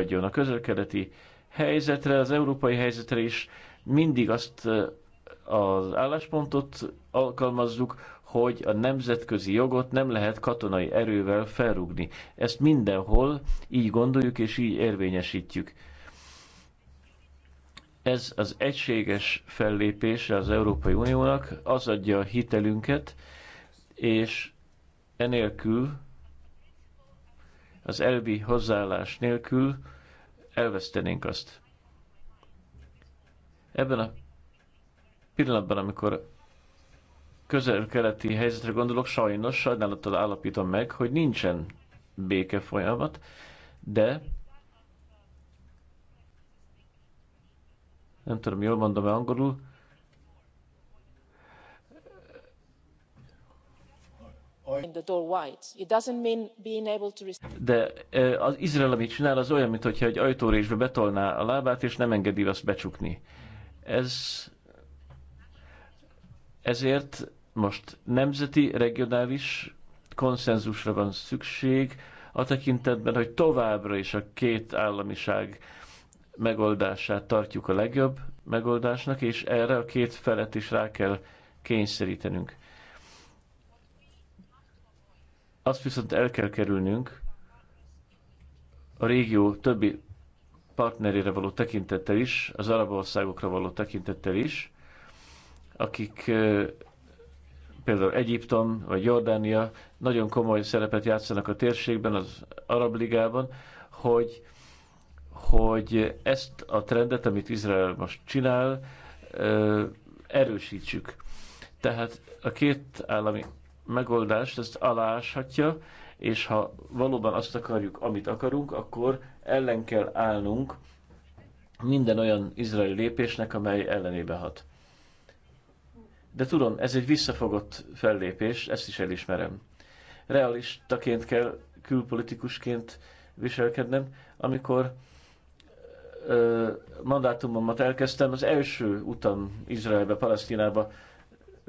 adjon a közelkeleti helyzetre, az európai helyzetre is mindig azt az álláspontot alkalmazzuk, hogy a nemzetközi jogot nem lehet katonai erővel felrúgni. Ezt mindenhol így gondoljuk és így érvényesítjük. Ez az egységes fellépése az Európai Uniónak, az adja a hitelünket, és enélkül az elvi hozzáállás nélkül elvesztenénk azt. Ebben a pillanatban, amikor közel-keleti helyzetre gondolok, sajnos sajnálattal állapítom meg, hogy nincsen béke folyamat, de nem tudom, jól mondom-e angolul, De az Izrael, amit csinál, az olyan, mintha egy ajtórésbe betolná a lábát, és nem engedi azt becsukni. Ez ezért most nemzeti, regionális konszenzusra van szükség a tekintetben, hogy továbbra is a két államiság megoldását tartjuk a legjobb megoldásnak, és erre a két felet is rá kell kényszerítenünk. Azt viszont el kell kerülnünk a régió többi partnerére való tekintettel is, az arab országokra való tekintettel is, akik például Egyiptom vagy Jordánia nagyon komoly szerepet játszanak a térségben, az Arab Ligában, hogy, hogy ezt a trendet, amit Izrael most csinál, erősítsük. Tehát a két állami megoldást ezt aláshatja, és ha valóban azt akarjuk, amit akarunk, akkor ellen kell állnunk minden olyan izraeli lépésnek, amely ellenébe hat. De tudom, ez egy visszafogott fellépés, ezt is elismerem. Realistaként kell külpolitikusként viselkednem. Amikor ö, mandátumomat elkezdtem, az első utam Izraelbe, Palesztinába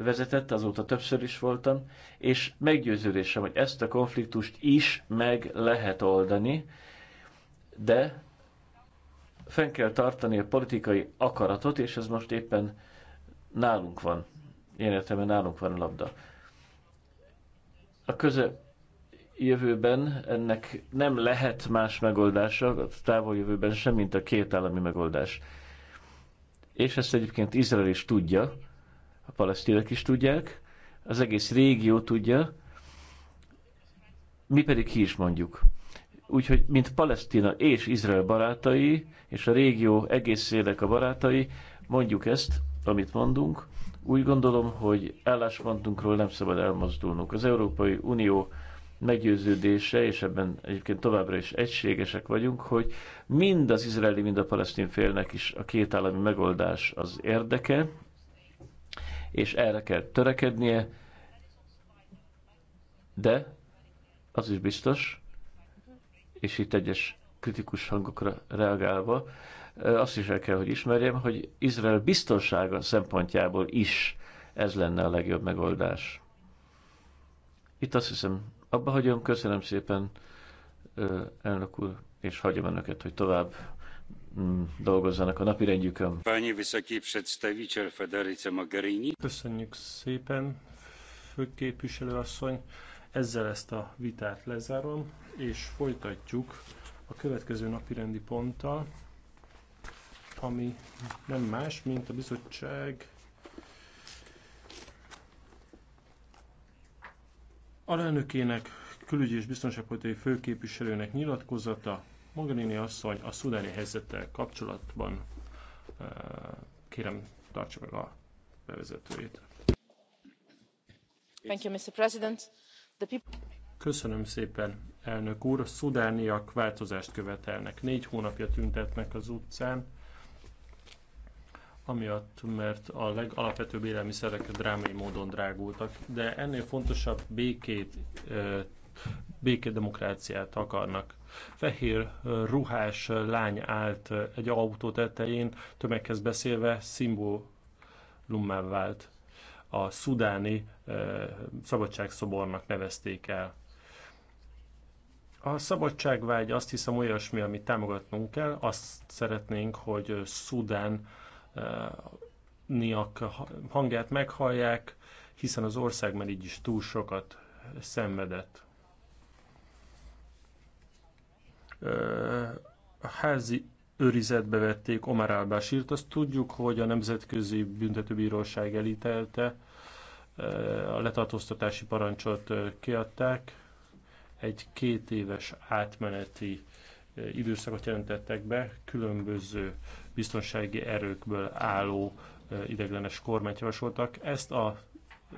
vezetett, azóta többször is voltam, és meggyőződésem, hogy ezt a konfliktust is meg lehet oldani, de fenn kell tartani a politikai akaratot, és ez most éppen nálunk van. Én értem értelemben nálunk van a labda. A köze jövőben ennek nem lehet más megoldása, a távol jövőben sem, mint a két állami megoldás. És ezt egyébként Izrael is tudja, a palesztinek is tudják, az egész régió tudja, mi pedig ki is mondjuk. Úgyhogy, mint Palesztina és Izrael barátai, és a régió egészének a barátai, mondjuk ezt, amit mondunk. Úgy gondolom, hogy álláspontunkról nem szabad elmozdulnunk. Az Európai Unió meggyőződése, és ebben egyébként továbbra is egységesek vagyunk, hogy mind az izraeli, mind a palesztin félnek is a két állami megoldás az érdeke, és erre kell törekednie, de az is biztos, és itt egyes kritikus hangokra reagálva, azt is el kell, hogy ismerjem, hogy Izrael biztonsága szempontjából is ez lenne a legjobb megoldás. Itt azt hiszem, abba hagyom, köszönöm szépen, elnök úr, és hagyom önöket, hogy tovább Mm, dolgozzanak a rendjükön. Köszönjük szépen, főképviselő asszony. Ezzel ezt a vitát lezárom, és folytatjuk a következő napi rendi ponttal, ami nem más, mint a bizottság alelnökének, külügyi és biztonságpolitikai főképviselőnek nyilatkozata Mogherini asszony a szudáni helyzettel kapcsolatban kérem tartsa meg a bevezetőjét. Thank you, Mr. President. The people... Köszönöm szépen, elnök úr. A szudániak változást követelnek. Négy hónapja tüntetnek az utcán, amiatt, mert a legalapvetőbb élelmiszerek drámai módon drágultak. De ennél fontosabb békét békedemokráciát akarnak. Fehér ruhás lány állt egy autó tetején, tömeghez beszélve szimbólummá vált. A szudáni szabadságszobornak nevezték el. A szabadságvágy azt hiszem olyasmi, amit támogatnunk kell. Azt szeretnénk, hogy Szudán niak hangját meghallják, hiszen az ország már így is túl sokat szenvedett. a házi őrizetbe vették Omar al Azt tudjuk, hogy a Nemzetközi Büntetőbíróság elítelte, a letartóztatási parancsot kiadták, egy két éves átmeneti időszakot jelentettek be, különböző biztonsági erőkből álló ideglenes kormányt javasoltak. Ezt a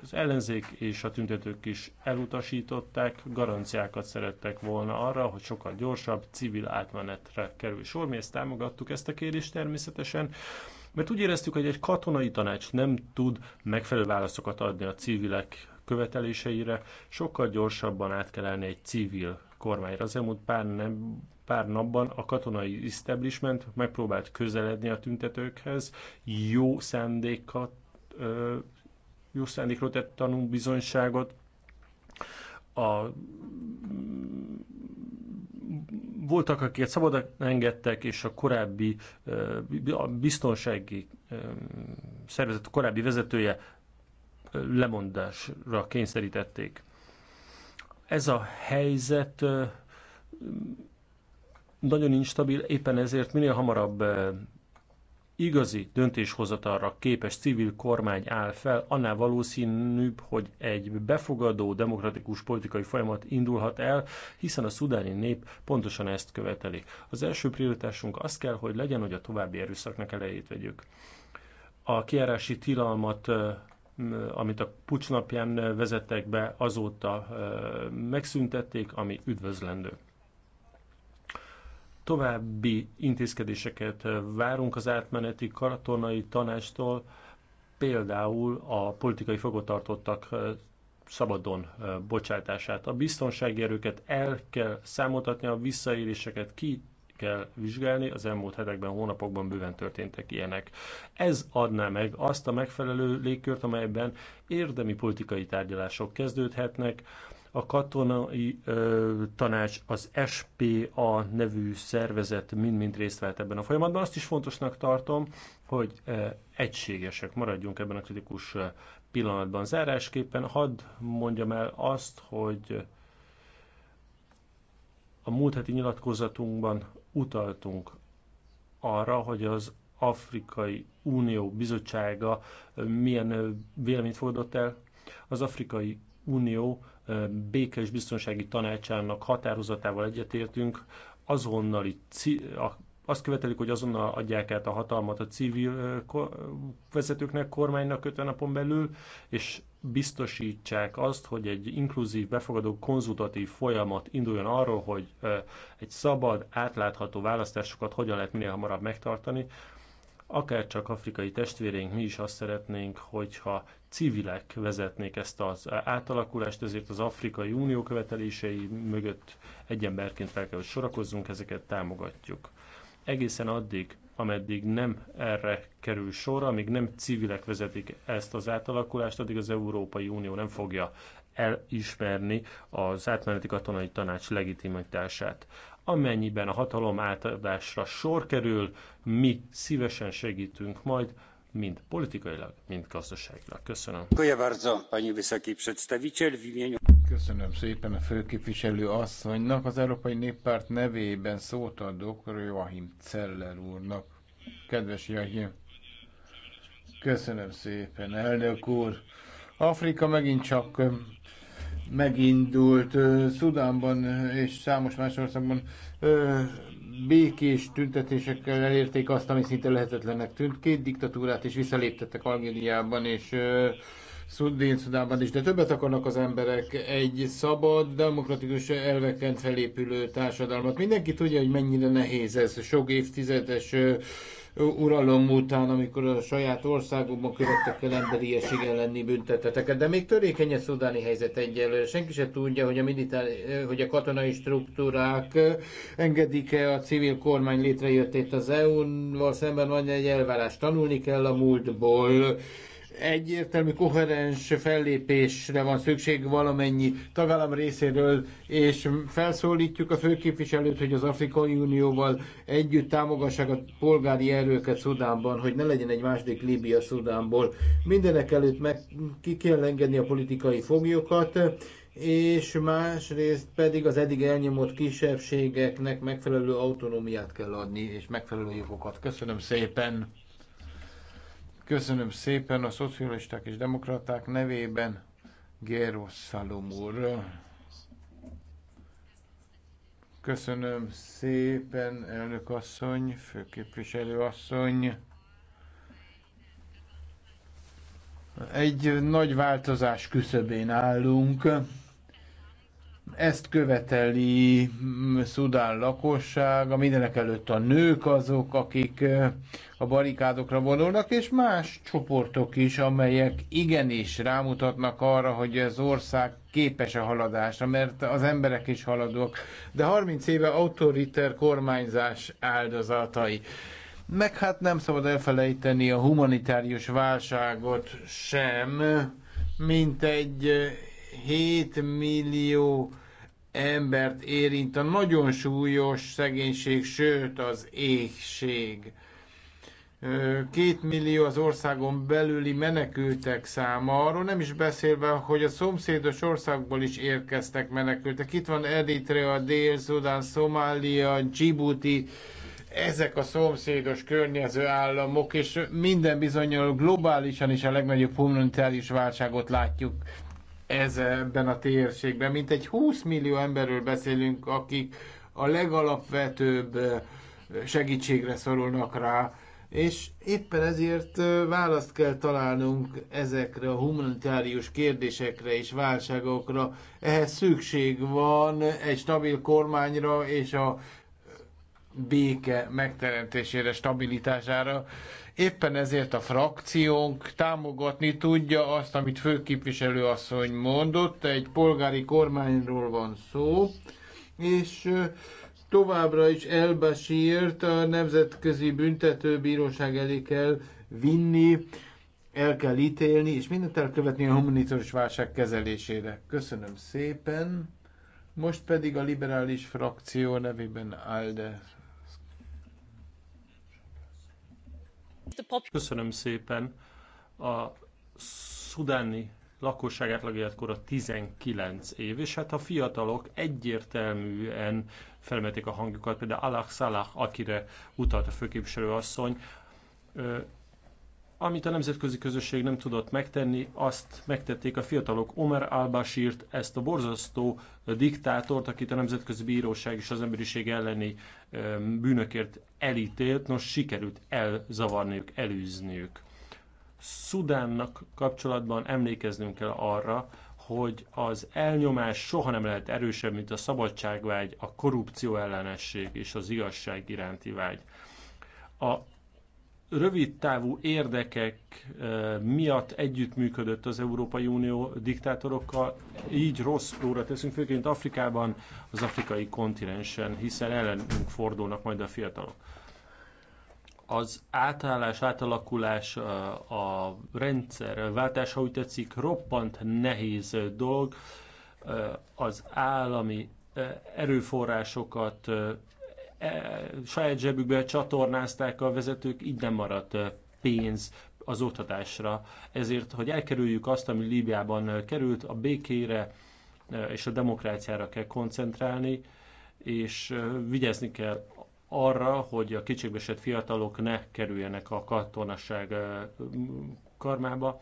az ellenzék és a tüntetők is elutasították, garanciákat szerettek volna arra, hogy sokkal gyorsabb civil átmenetre kerül sor. Mi ezt támogattuk ezt a kérdést természetesen, mert úgy éreztük, hogy egy katonai tanács nem tud megfelelő válaszokat adni a civilek követeléseire, sokkal gyorsabban át kell állni egy civil kormányra. Az elmúlt pár, nem, pár napban a katonai establishment megpróbált közeledni a tüntetőkhez, jó szándékat ö, jó szándékról tett tanúbizonyságot. A, voltak, akiket szabadak engedtek, és a korábbi a biztonsági szervezet korábbi vezetője lemondásra kényszerítették. Ez a helyzet nagyon instabil, éppen ezért minél hamarabb igazi döntéshozatalra képes civil kormány áll fel, annál valószínűbb, hogy egy befogadó demokratikus politikai folyamat indulhat el, hiszen a szudáni nép pontosan ezt követeli. Az első prioritásunk az kell, hogy legyen, hogy a további erőszaknak elejét vegyük. A kiárási tilalmat amit a pucs napján vezettek be, azóta megszüntették, ami üdvözlendő. További intézkedéseket várunk az átmeneti karatonai tanástól, például a politikai fogotartottak szabadon bocsátását. A biztonsági erőket el kell számoltatni, a visszaéléseket ki kell vizsgálni, az elmúlt hetekben, hónapokban bőven történtek ilyenek. Ez adná meg azt a megfelelő légkört, amelyben érdemi politikai tárgyalások kezdődhetnek, a katonai ö, tanács, az SPA nevű szervezet mind-mind részt vett ebben a folyamatban. Azt is fontosnak tartom, hogy ö, egységesek maradjunk ebben a kritikus pillanatban. Zárásképpen hadd mondjam el azt, hogy a múlt heti nyilatkozatunkban utaltunk arra, hogy az Afrikai Unió Bizottsága milyen véleményt fogadott el. Az Afrikai Unió béke és biztonsági tanácsának határozatával egyetértünk, azonnali a azt követelik, hogy azonnal adják át a hatalmat a civil vezetőknek, kormánynak 50 napon belül, és biztosítsák azt, hogy egy inkluzív, befogadó, konzultatív folyamat induljon arról, hogy egy szabad, átlátható választásokat hogyan lehet minél hamarabb megtartani, Akárcsak afrikai testvéreink, mi is azt szeretnénk, hogyha civilek vezetnék ezt az átalakulást, ezért az Afrikai Unió követelései mögött egy emberként fel kell, hogy sorakozzunk, ezeket támogatjuk. Egészen addig, ameddig nem erre kerül sor, amíg nem civilek vezetik ezt az átalakulást, addig az Európai Unió nem fogja elismerni az átmeneti katonai tanács legitimitását amennyiben a hatalom átadásra sor kerül, mi szívesen segítünk majd, mind politikailag, mind gazdaságilag. Köszönöm. Köszönöm szépen a főképviselő asszonynak. Az Európai Néppárt nevében szót adok Joachim Celler úrnak. Kedves Joachim, köszönöm szépen, elnök úr. Afrika megint csak megindult Szudánban és számos más országban békés tüntetésekkel elérték azt, ami szinte lehetetlennek tűnt. Két diktatúrát is visszaléptettek Algériában és Szudén-Szudánban is, de többet akarnak az emberek. Egy szabad, demokratikus elveken felépülő társadalmat. Mindenki tudja, hogy mennyire nehéz ez. Sok évtizedes uralom után, amikor a saját országukban követtek el emberiesség elleni bünteteteket. De még törékeny a szudáni helyzet egyelőre. Senki se tudja, hogy a, militár, hogy a katonai struktúrák engedik-e a civil kormány létrejöttét az EU-val szemben vagy egy elvárás. Tanulni kell a múltból egyértelmű, koherens fellépésre van szükség valamennyi tagállam részéről, és felszólítjuk a főképviselőt, hogy az Afrikai Unióval együtt támogassák a polgári erőket Szudánban, hogy ne legyen egy második Líbia Szudánból. Mindenek előtt meg ki kell engedni a politikai foglyokat, és másrészt pedig az eddig elnyomott kisebbségeknek megfelelő autonómiát kell adni, és megfelelő jogokat. Köszönöm szépen! Köszönöm szépen a szocialisták és demokraták nevében Géros Szalom úr. Köszönöm szépen, elnök asszony, főképviselő asszony. Egy nagy változás küszöbén állunk ezt követeli mm, Szudán lakossága, mindenek előtt a nők azok, akik a barikádokra vonulnak, és más csoportok is, amelyek igenis rámutatnak arra, hogy az ország képes a haladásra, mert az emberek is haladók, de 30 éve autoriter kormányzás áldozatai. Meg hát nem szabad elfelejteni a humanitárius válságot sem, mint egy 7 millió embert érint a nagyon súlyos szegénység, sőt az éhség. Két millió az országon belüli menekültek száma, arról nem is beszélve, hogy a szomszédos országból is érkeztek menekültek. Itt van Eritrea, Dél-Szudán, Szomália, Djibouti, ezek a szomszédos környező államok, és minden bizonyal globálisan is a legnagyobb humanitárius válságot látjuk ebben a térségben. Mint egy 20 millió emberről beszélünk, akik a legalapvetőbb eh, segítségre szorulnak rá, és éppen ezért eh, választ kell találnunk ezekre a humanitárius kérdésekre és válságokra. Ehhez szükség van egy stabil kormányra és a béke megteremtésére, stabilitására. Éppen ezért a frakciónk támogatni tudja azt, amit főképviselő asszony mondott. Egy polgári kormányról van szó, és továbbra is elbasírt a Nemzetközi Büntetőbíróság elé kell vinni, el kell ítélni, és mindent elkövetni a humanitárius válság kezelésére. Köszönöm szépen. Most pedig a liberális frakció nevében Alde Köszönöm szépen. A szudáni lakosság átlag a 19 év, és hát a fiatalok egyértelműen felmetik a hangjukat, például Alak Salah, akire utalt a főképviselő asszony, amit a nemzetközi közösség nem tudott megtenni, azt megtették a fiatalok Omer al ezt a borzasztó diktátort, akit a Nemzetközi Bíróság és az emberiség elleni bűnökért elítélt, nos sikerült elzavarniuk, elűzniük. Szudánnak kapcsolatban emlékeznünk kell arra, hogy az elnyomás soha nem lehet erősebb, mint a szabadságvágy, a korrupció ellenesség és az igazság iránti vágy. A rövidtávú érdekek eh, miatt együttműködött az Európai Unió diktátorokkal, így rossz úra teszünk, főként Afrikában, az afrikai kontinensen, hiszen ellenünk fordulnak majd a fiatalok. Az átállás, átalakulás, eh, a rendszer váltása, úgy tetszik, roppant nehéz dolg, eh, az állami erőforrásokat E, saját zsebükbe csatornázták a vezetők, így nem maradt e, pénz az oktatásra. Ezért, hogy elkerüljük azt, ami Líbiában e, került, a békére és a demokráciára kell koncentrálni, és vigyázni kell arra, hogy a kétségbeesett fiatalok ne kerüljenek a katonasság karmába.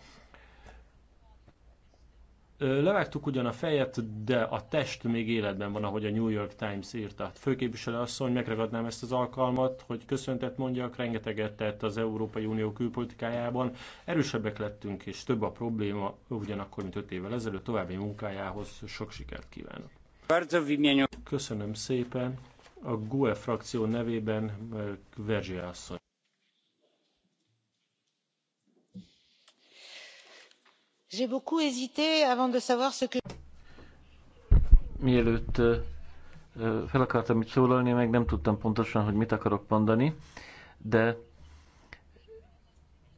Levágtuk ugyan a fejet, de a test még életben van, ahogy a New York Times írta. Főképviselő asszony, megragadnám ezt az alkalmat, hogy köszöntet mondjak, rengeteget tett az Európai Unió külpolitikájában. Erősebbek lettünk, és több a probléma, ugyanakkor, mint öt évvel ezelőtt, további munkájához sok sikert kívánok. Köszönöm szépen. A GUE frakció nevében Verzsi asszony. j'ai beaucoup hésité avant de savoir ce que mielőtt fel akartam itt szólalni, meg nem tudtam pontosan, hogy mit akarok mondani, de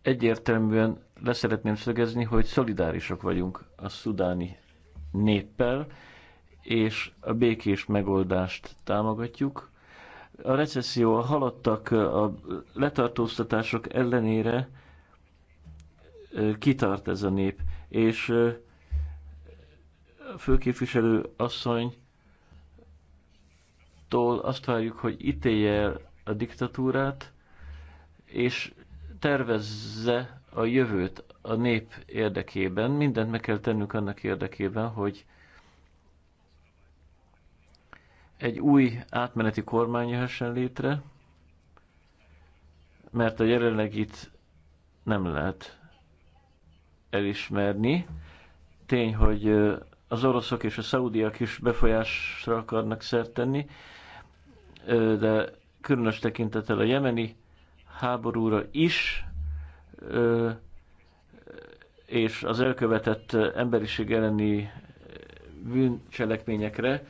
egyértelműen leszeretném szögezni, hogy szolidárisok vagyunk a szudáni néppel, és a békés megoldást támogatjuk. A recesszió, a halottak, a letartóztatások ellenére kitart ez a nép és a főképviselő asszonytól azt várjuk, hogy ítélje el a diktatúrát, és tervezze a jövőt a nép érdekében. Mindent meg kell tennünk annak érdekében, hogy egy új átmeneti kormány jöhessen létre, mert a itt nem lehet elismerni. Tény, hogy az oroszok és a szaudiak is befolyásra akarnak szert tenni, de különös tekintetel a jemeni háborúra is, és az elkövetett emberiség elleni bűncselekményekre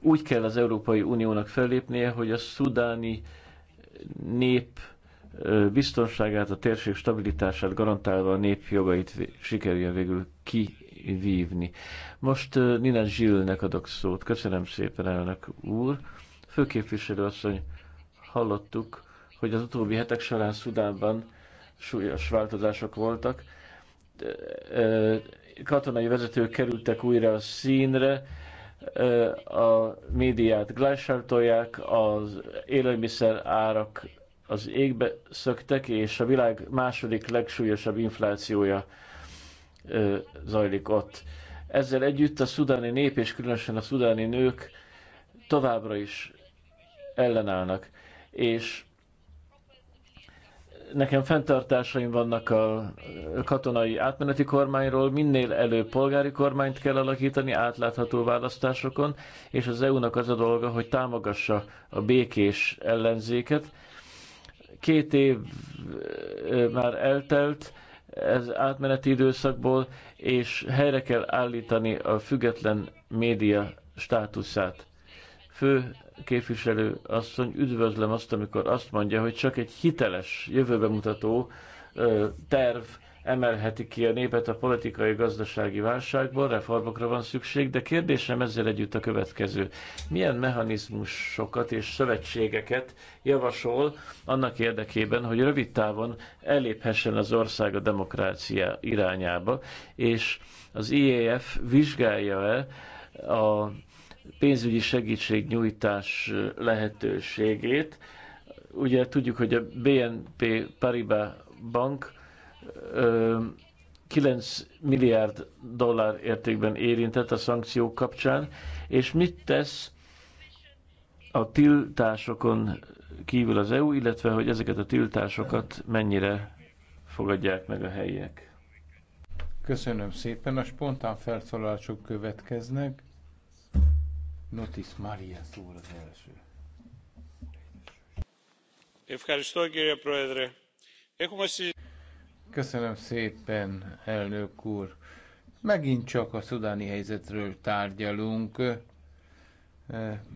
úgy kell az Európai Uniónak fellépnie, hogy a szudáni nép biztonságát, a térség stabilitását garantálva a nép jogait sikerüljön végül kivívni. Most Nina Zsillnek adok szót. Köszönöm szépen, elnök úr. Főképviselő asszony, hallottuk, hogy az utóbbi hetek során Szudánban súlyos változások voltak. Katonai vezetők kerültek újra a színre, a médiát glásártolják, az élelmiszer árak az égbe szöktek, és a világ második legsúlyosabb inflációja ö, zajlik ott. Ezzel együtt a szudáni nép, és különösen a szudáni nők továbbra is ellenállnak. És nekem fenntartásaim vannak a katonai átmeneti kormányról, minél előbb polgári kormányt kell alakítani átlátható választásokon, és az EU-nak az a dolga, hogy támogassa a békés ellenzéket, Két év már eltelt ez átmeneti időszakból, és helyre kell állítani a független média státuszát. Fő képviselő asszony, üdvözlöm azt, amikor azt mondja, hogy csak egy hiteles, jövőbemutató terv emelheti ki a népet a politikai-gazdasági válságból, reformokra van szükség, de kérdésem ezzel együtt a következő. Milyen mechanizmusokat és szövetségeket javasol annak érdekében, hogy rövid távon eléphessen az ország a demokrácia irányába, és az IEF vizsgálja-e a pénzügyi segítségnyújtás lehetőségét. Ugye tudjuk, hogy a BNP Paribas Bank 9 milliárd dollár értékben érintett a szankciók kapcsán, és mit tesz a tiltásokon kívül az EU, illetve hogy ezeket a tiltásokat mennyire fogadják meg a helyiek. Köszönöm szépen, a spontán felszólalások következnek. Notis Maria úr az első. Köszönöm, κύριε Πρόεδρε. Köszönöm szépen, elnök úr. Megint csak a szudáni helyzetről tárgyalunk.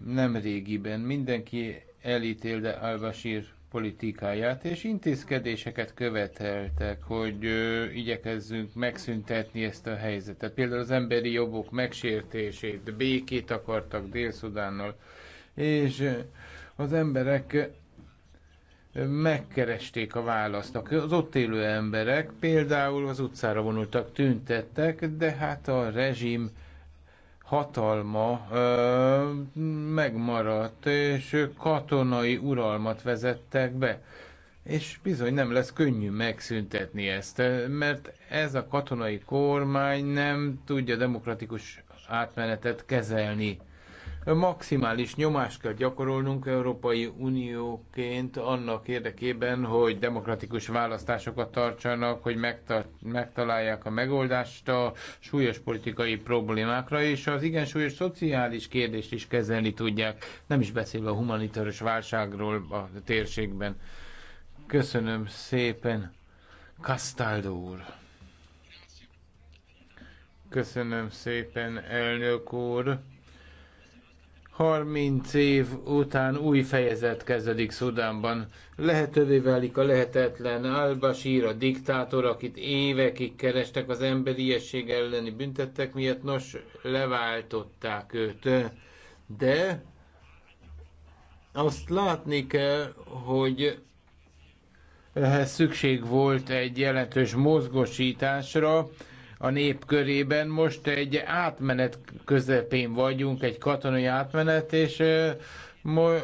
Nem régiben mindenki elítélte Al-Bashir politikáját, és intézkedéseket követeltek, hogy ö, igyekezzünk megszüntetni ezt a helyzetet. Például az emberi jogok megsértését, békét akartak Dél-Szudánnal, és az emberek megkeresték a választ. Az ott élő emberek például az utcára vonultak, tüntettek, de hát a rezsim hatalma ö, megmaradt, és katonai uralmat vezettek be. És bizony nem lesz könnyű megszüntetni ezt, mert ez a katonai kormány nem tudja demokratikus átmenetet kezelni maximális nyomást kell gyakorolnunk Európai Unióként annak érdekében, hogy demokratikus választásokat tartsanak, hogy megtalálják a megoldást a súlyos politikai problémákra, és az igen súlyos szociális kérdést is kezelni tudják, nem is beszélve a humanitárius válságról a térségben. Köszönöm szépen, Castaldo úr! Köszönöm szépen, elnök úr! 30 év után új fejezet kezdődik Szudánban. Lehetővé válik a lehetetlen Al-Bashir, a diktátor, akit évekig kerestek az emberiesség elleni büntettek miatt, nos, leváltották őt. De azt látni kell, hogy ehhez szükség volt egy jelentős mozgosításra, a nép körében. Most egy átmenet közepén vagyunk, egy katonai átmenet, és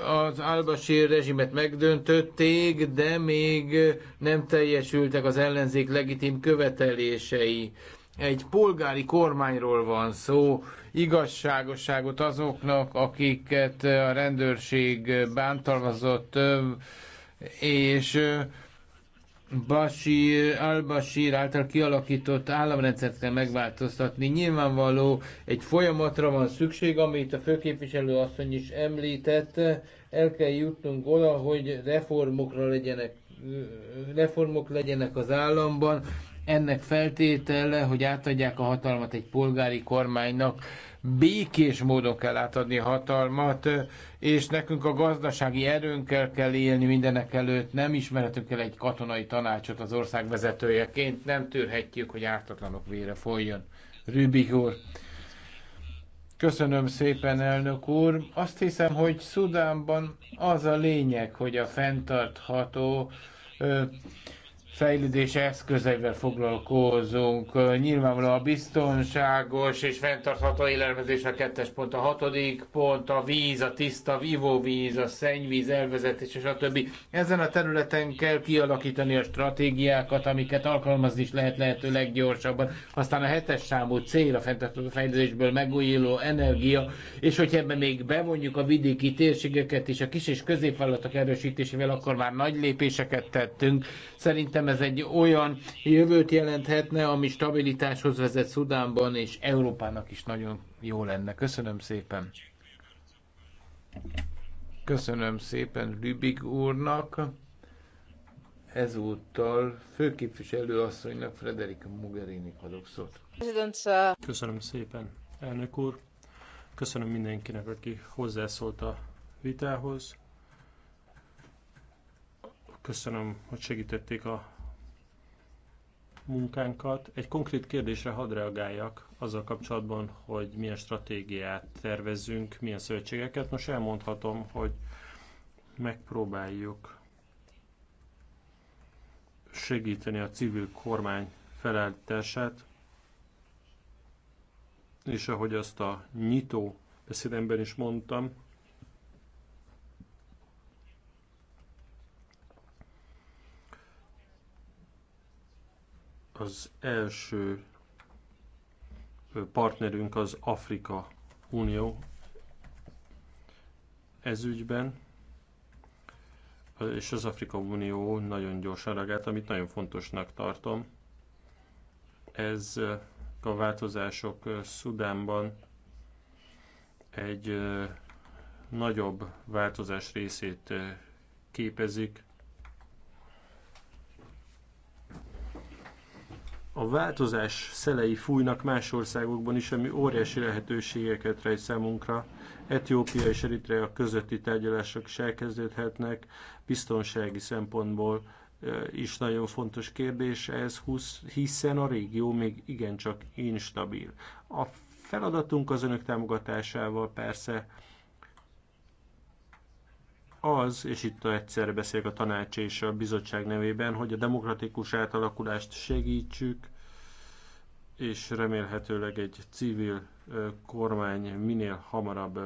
az Al-Bashir rezsimet megdöntötték, de még nem teljesültek az ellenzék legitim követelései. Egy polgári kormányról van szó, igazságosságot azoknak, akiket a rendőrség bántalmazott, és Basír, al bashir által kialakított államrendszert kell megváltoztatni. Nyilvánvaló egy folyamatra van szükség, amit a főképviselő asszony is említett. El kell jutnunk oda, hogy reformokra legyenek, reformok legyenek az államban. Ennek feltétele, hogy átadják a hatalmat egy polgári kormánynak békés módon kell átadni a hatalmat, és nekünk a gazdasági erőnkkel kell élni mindenek előtt, nem ismerhetünk el egy katonai tanácsot az ország vezetőjeként, nem tűrhetjük, hogy ártatlanok vére folyjon. Rübik úr. Köszönöm szépen, elnök úr. Azt hiszem, hogy Szudánban az a lényeg, hogy a fenntartható ö, fejlődés eszközeivel foglalkozunk. Nyilvánvalóan a biztonságos és fenntartható élelmezés a kettes pont, a hatodik pont, a víz, a tiszta vívóvíz, a szennyvíz elvezetés, és a többi. Ezen a területen kell kialakítani a stratégiákat, amiket alkalmazni is lehet lehető leggyorsabban. Aztán a hetes számú cél a fenntartható fejlődésből megújuló energia, és hogyha ebben még bevonjuk a vidéki térségeket és a kis és középvállalatok erősítésével, akkor már nagy lépéseket tettünk. Szerintem Szerintem ez egy olyan jövőt jelenthetne, ami stabilitáshoz vezet Szudánban, és Európának is nagyon jó lenne. Köszönöm szépen. Köszönöm szépen Lübig úrnak. Ezúttal főképviselő asszonynak Frederik Mogherini adok szót. Köszönöm szépen, elnök úr. Köszönöm mindenkinek, aki hozzászólt a vitához. Köszönöm, hogy segítették a munkánkat. Egy konkrét kérdésre hadd reagáljak azzal kapcsolatban, hogy milyen stratégiát tervezzünk, milyen szövetségeket. Most elmondhatom, hogy megpróbáljuk segíteni a civil kormány felállítását, és ahogy azt a nyitó beszédemben is mondtam, az első partnerünk az Afrika Unió ezügyben, és az Afrika Unió nagyon gyorsan reagált, amit nagyon fontosnak tartom. Ez a változások Szudánban egy nagyobb változás részét képezik, a változás szelei fújnak más országokban is, ami óriási lehetőségeket rejt számunkra. Etiópia és Eritrea közötti tárgyalások is elkezdődhetnek biztonsági szempontból is nagyon fontos kérdés ez, hiszen a régió még igencsak instabil. A feladatunk az önök támogatásával persze az, és itt egyszerre beszélek a tanács és a bizottság nevében, hogy a demokratikus átalakulást segítsük, és remélhetőleg egy civil kormány minél hamarabb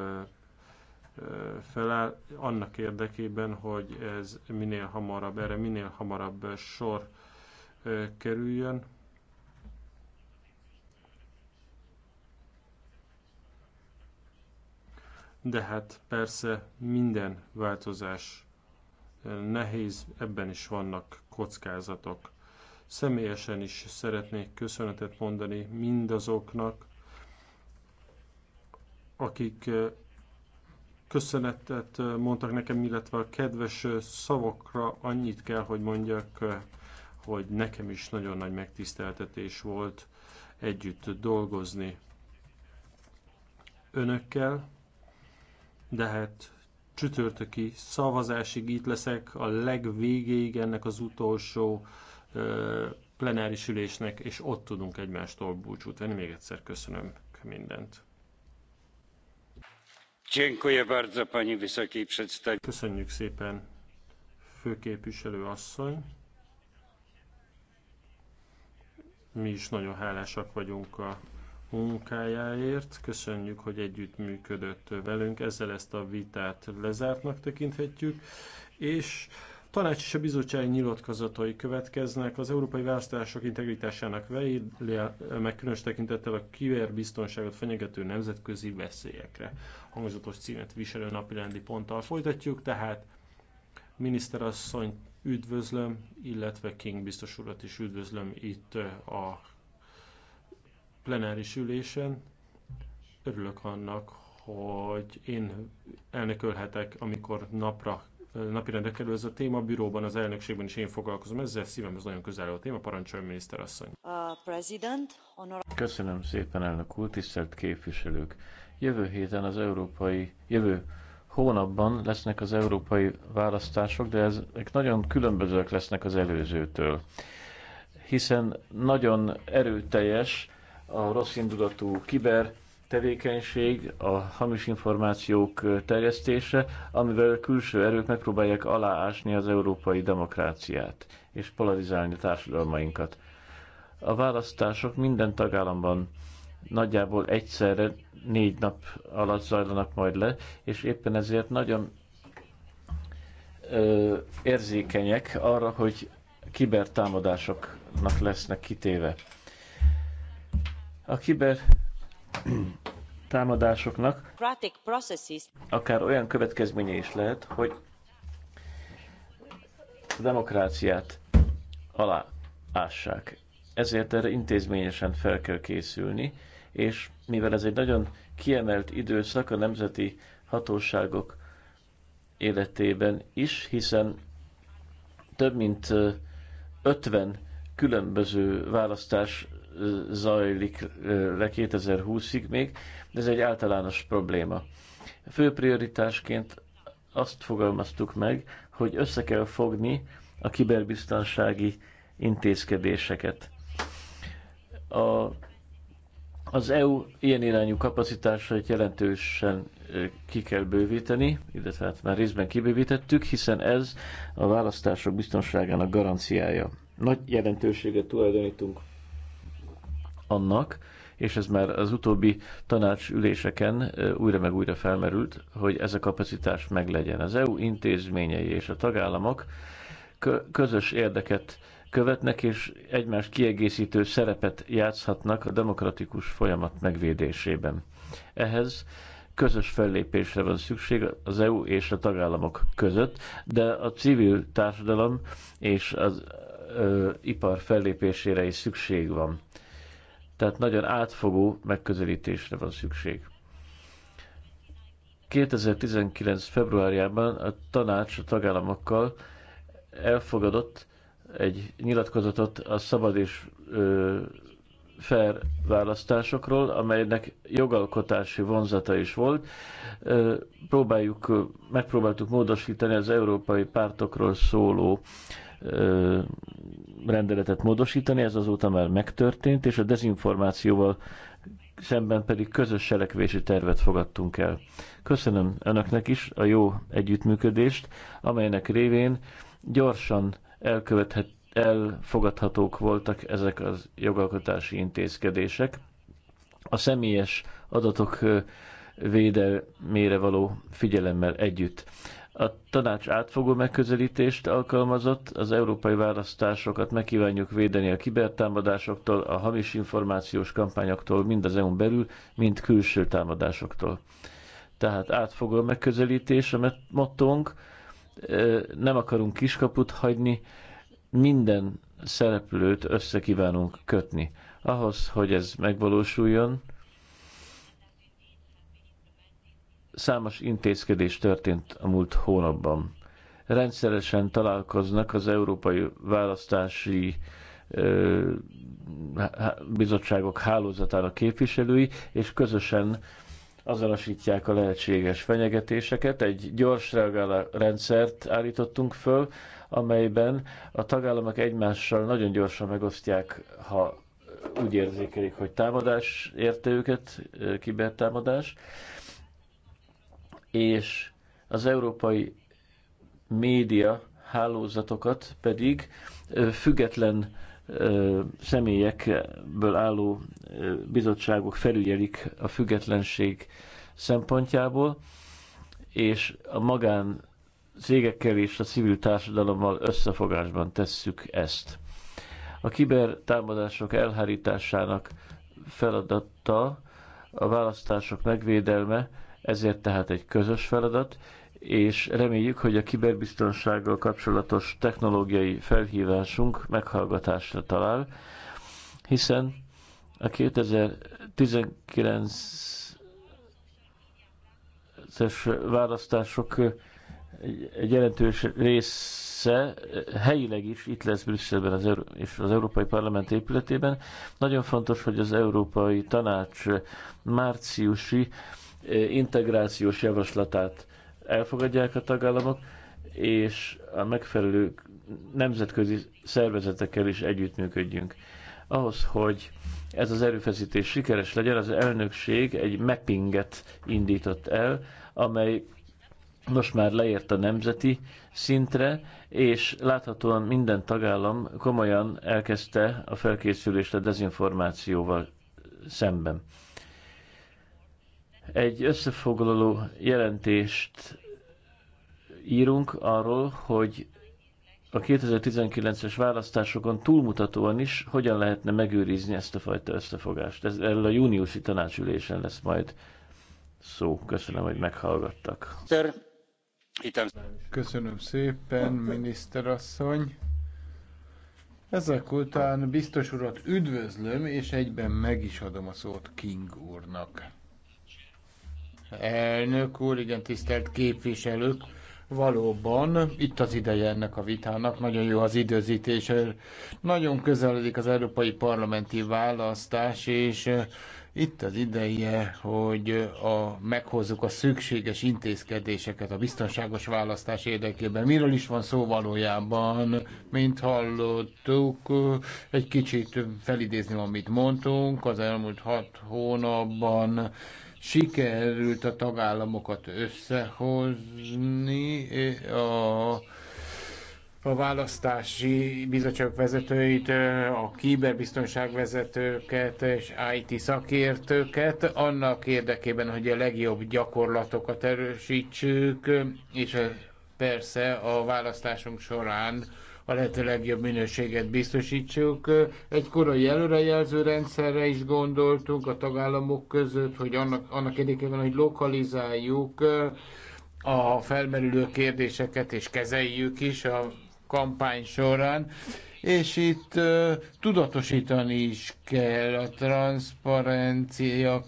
feláll, annak érdekében, hogy ez minél hamarabb, erre minél hamarabb sor kerüljön. de hát persze minden változás nehéz, ebben is vannak kockázatok. Személyesen is szeretnék köszönetet mondani mindazoknak, akik köszönetet mondtak nekem, illetve a kedves szavakra annyit kell, hogy mondjak, hogy nekem is nagyon nagy megtiszteltetés volt együtt dolgozni önökkel de hát csütörtöki szavazásig itt leszek a legvégéig ennek az utolsó ö, plenáris ülésnek, és ott tudunk egymástól búcsút venni. Még egyszer köszönöm mindent. Köszönjük szépen, főképviselő asszony. Mi is nagyon hálásak vagyunk a munkájáért. Köszönjük, hogy együttműködött velünk. Ezzel ezt a vitát lezártnak tekinthetjük, és tanács és a bizottság nyilatkozatai következnek. Az európai választások integritásának vejéle, meg különös tekintettel a kiberbiztonságot fenyegető nemzetközi veszélyekre. Hangzatos címet viselő napirendi ponttal folytatjuk, tehát miniszterasszony üdvözlöm, illetve King biztos urat is üdvözlöm itt eh, a plenáris ülésen. Örülök annak, hogy én elnökölhetek, amikor napra napirendre kerül ez a téma, a az elnökségben is én foglalkozom ezzel, ez nagyon közel a téma, parancsoljon miniszterasszony. asszony. Köszönöm szépen, elnök úr, tisztelt képviselők! Jövő héten az európai, jövő hónapban lesznek az európai választások, de ezek nagyon különbözőek lesznek az előzőtől, hiszen nagyon erőteljes a rossz indulatú kiber tevékenység, a hamis információk terjesztése, amivel külső erők megpróbálják aláásni az európai demokráciát és polarizálni a társadalmainkat. A választások minden tagállamban nagyjából egyszerre négy nap alatt zajlanak majd le, és éppen ezért nagyon ö, érzékenyek arra, hogy kibertámadásoknak lesznek kitéve a kiber támadásoknak akár olyan következménye is lehet, hogy a demokráciát aláássák. Ezért erre intézményesen fel kell készülni, és mivel ez egy nagyon kiemelt időszak a nemzeti hatóságok életében is, hiszen több mint 50 különböző választás zajlik le 2020-ig még, de ez egy általános probléma. Fő prioritásként azt fogalmaztuk meg, hogy össze kell fogni a kiberbiztonsági intézkedéseket. A, az EU ilyen irányú kapacitásait jelentősen ki kell bővíteni, illetve hát már részben kibővítettük, hiszen ez a választások biztonságának garanciája. Nagy jelentőséget tulajdonítunk annak, és ez már az utóbbi tanácsüléseken újra meg újra felmerült, hogy ez a kapacitás meglegyen. Az EU intézményei és a tagállamok közös érdeket követnek, és egymást kiegészítő szerepet játszhatnak a demokratikus folyamat megvédésében. Ehhez közös fellépésre van szükség az EU és a tagállamok között, de a civil társadalom és az ö, ipar fellépésére is szükség van. Tehát nagyon átfogó megközelítésre van szükség. 2019. februárjában a tanács a tagállamokkal elfogadott egy nyilatkozatot a szabad és ö, fair választásokról, amelynek jogalkotási vonzata is volt. Próbáljuk, megpróbáltuk módosítani az európai pártokról szóló rendeletet módosítani, ez azóta már megtörtént, és a dezinformációval szemben pedig közös selekvési tervet fogadtunk el. Köszönöm önöknek is a jó együttműködést, amelynek révén gyorsan elkövethet, elfogadhatók voltak ezek az jogalkotási intézkedések. A személyes adatok védelmére való figyelemmel együtt. A tanács átfogó megközelítést alkalmazott, az európai választásokat megkívánjuk védeni a kibertámadásoktól, a hamis információs kampányoktól, mind az EU-n belül, mind külső támadásoktól. Tehát átfogó megközelítés a mottónk, nem akarunk kiskaput hagyni, minden szereplőt össze kívánunk kötni. Ahhoz, hogy ez megvalósuljon, Számos intézkedés történt a múlt hónapban. Rendszeresen találkoznak az európai választási ö, bizottságok hálózatának képviselői, és közösen azonosítják a lehetséges fenyegetéseket. Egy gyors reagáló rendszert állítottunk föl, amelyben a tagállamok egymással nagyon gyorsan megosztják, ha úgy érzékelik, hogy támadás érte őket, kibertámadás, és az európai média hálózatokat pedig független személyekből álló bizottságok felügyelik a függetlenség szempontjából, és a magán cégekkel és a civil társadalommal összefogásban tesszük ezt. A kibertámadások elhárításának feladata a választások megvédelme, ezért tehát egy közös feladat, és reméljük, hogy a kiberbiztonsággal kapcsolatos technológiai felhívásunk meghallgatásra talál, hiszen a 2019-es választások egy jelentős része helyileg is itt lesz Brüsszelben az Euró- és az Európai Parlament épületében. Nagyon fontos, hogy az Európai Tanács márciusi integrációs javaslatát elfogadják a tagállamok, és a megfelelő nemzetközi szervezetekkel is együttműködjünk. Ahhoz, hogy ez az erőfeszítés sikeres legyen, az elnökség egy mappinget indított el, amely most már leért a nemzeti szintre, és láthatóan minden tagállam komolyan elkezdte a felkészülést a dezinformációval szemben. Egy összefoglaló jelentést írunk arról, hogy a 2019-es választásokon túlmutatóan is hogyan lehetne megőrizni ezt a fajta összefogást. Ez erről a júniusi tanácsülésen lesz majd szó. Köszönöm, hogy meghallgattak. Köszönöm szépen, miniszterasszony. Ezek után biztos urat üdvözlöm, és egyben meg is adom a szót King úrnak elnök úr, igen, tisztelt képviselők. Valóban, itt az ideje ennek a vitának, nagyon jó az időzítés. Nagyon közeledik az európai parlamenti választás, és eh, itt az ideje, hogy eh, a, meghozzuk a szükséges intézkedéseket a biztonságos választás érdekében. Miről is van szó valójában? Mint hallottuk, eh, egy kicsit felidézni amit mondtunk az elmúlt hat hónapban sikerült a tagállamokat összehozni a, a választási bizottság vezetőit, a kiberbiztonság vezetőket és IT szakértőket annak érdekében, hogy a legjobb gyakorlatokat erősítsük, és persze a választásunk során a lehető legjobb minőséget biztosítsuk. Egy korai előrejelző rendszerre is gondoltunk a tagállamok között, hogy annak, annak érdekében, hogy lokalizáljuk eh, a felmerülő kérdéseket és kezeljük is a kampány során és itt uh, tudatosítani is kell a transzparencia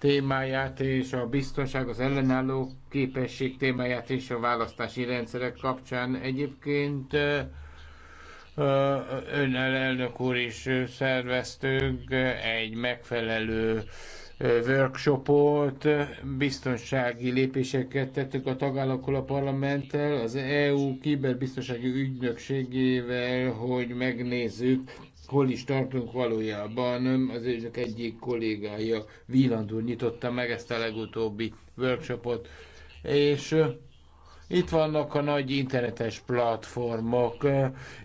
témáját és a biztonság, az ellenálló képesség témáját és a választási rendszerek kapcsán. Egyébként ön elnök úr is szerveztünk egy megfelelő workshopot, biztonsági lépéseket tettük a tagállamokkal, a parlamenttel, az EU kiberbiztonsági ügynökségével, hogy megnézzük hol is tartunk valójában. Az őzök egyik kollégája Vílandúr nyitotta meg ezt a legutóbbi workshopot, és itt vannak a nagy internetes platformok,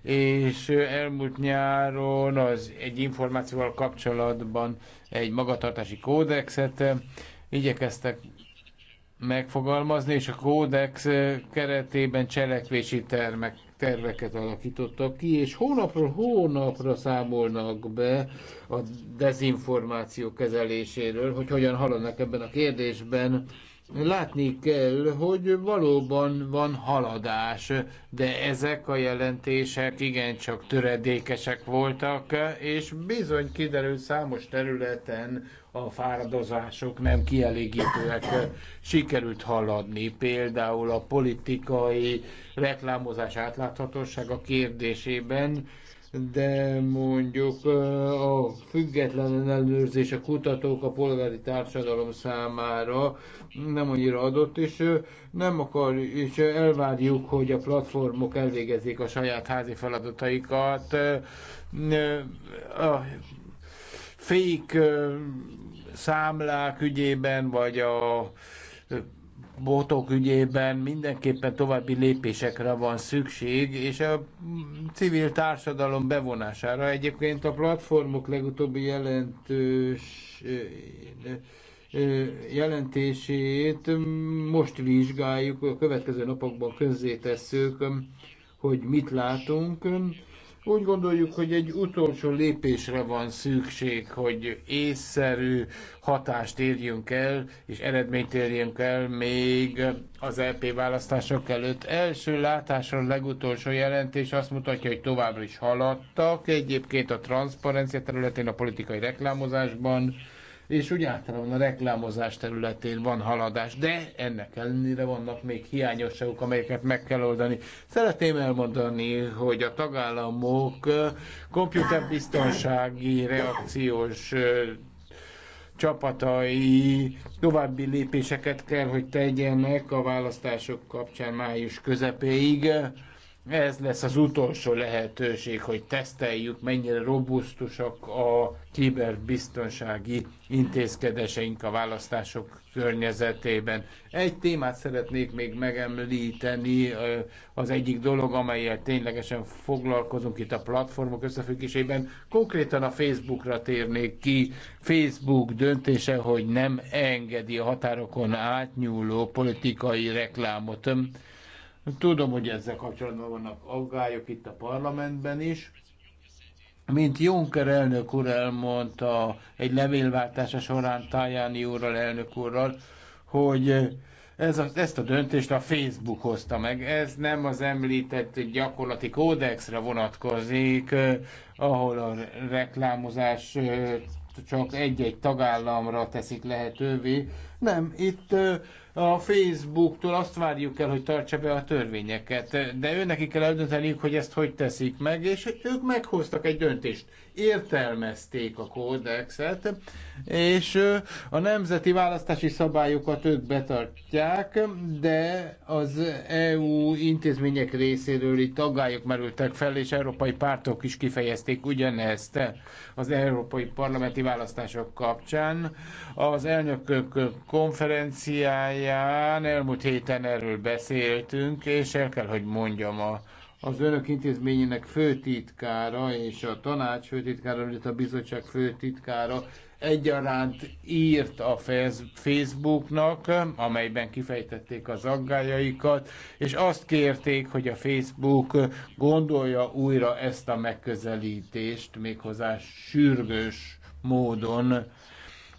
és elmúlt nyáron az egy információval kapcsolatban egy magatartási kódexet igyekeztek megfogalmazni, és a kódex eh, keretében cselekvési termek, terveket alakítottak ki, és hónapról hónapra számolnak be a dezinformáció kezeléséről, hogy hogyan haladnak ebben a kérdésben. Látni kell, hogy valóban van haladás, de ezek a jelentések igencsak töredékesek voltak, és bizony kiderült, számos területen a fáradozások nem kielégítőek. Sikerült haladni például a politikai reklámozás átláthatósága kérdésében, de mondjuk a független ellenőrzés a kutatók a polgári társadalom számára nem annyira adott, és nem akar, és elvárjuk, hogy a platformok elvégezzék a saját házi feladataikat. A fék számlák ügyében, vagy a botok ügyében mindenképpen további lépésekre van szükség, és a civil társadalom bevonására. Egyébként a platformok legutóbbi jelentős jelentését most vizsgáljuk, a következő napokban közzétesszük, hogy mit látunk. Úgy gondoljuk, hogy egy utolsó lépésre van szükség, hogy észszerű hatást érjünk el, és eredményt érjünk el még az LP e választások előtt. Első látásra a legutolsó jelentés azt mutatja, hogy továbbra is haladtak. Egyébként a transzparencia területén, a politikai reklámozásban, és úgy általában a reklámozás területén van haladás, de ennek ellenére vannak még hiányosságok, amelyeket meg kell oldani. Szeretném elmondani, hogy a tagállamok komputerbiztonsági reakciós csapatai további lépéseket kell, hogy tegyenek a választások kapcsán május közepéig. Ez lesz az utolsó lehetőség, hogy teszteljük, mennyire robusztusak a kiberbiztonsági intézkedéseink a választások környezetében. Egy témát szeretnék még megemlíteni, az egyik dolog, amelyel ténylegesen foglalkozunk itt a platformok összefüggésében. Konkrétan a Facebookra térnék ki. Facebook döntése, hogy nem engedi a határokon átnyúló politikai reklámot Tudom, hogy ezzel kapcsolatban vannak aggályok itt a parlamentben is. Mint Juncker elnök úr elmondta egy levélváltása során Tajani úrral, elnök úrral, hogy ez a, ezt a döntést a Facebook hozta meg. Ez nem az említett gyakorlati kódexre vonatkozik, ahol a reklámozás csak egy-egy tagállamra teszik lehetővé. Nem, itt a Facebooktól azt várjuk el, hogy tartsa be a törvényeket, de őnek kell eldönteniük, hogy ezt hogy teszik meg, és ők meghoztak egy döntést értelmezték a kódexet, és a nemzeti választási szabályokat ők betartják, de az EU intézmények részéről itt aggályok merültek fel, és európai pártok is kifejezték ugyanezt az európai parlamenti választások kapcsán. Az elnökök konferenciáján elmúlt héten erről beszéltünk, és el kell, hogy mondjam a az önök intézményének főtitkára és a tanács főtitkára, illetve a bizottság főtitkára egyaránt írt a Facebooknak, amelyben kifejtették az aggájaikat, és azt kérték, hogy a Facebook gondolja újra ezt a megközelítést, méghozzá sürgős módon.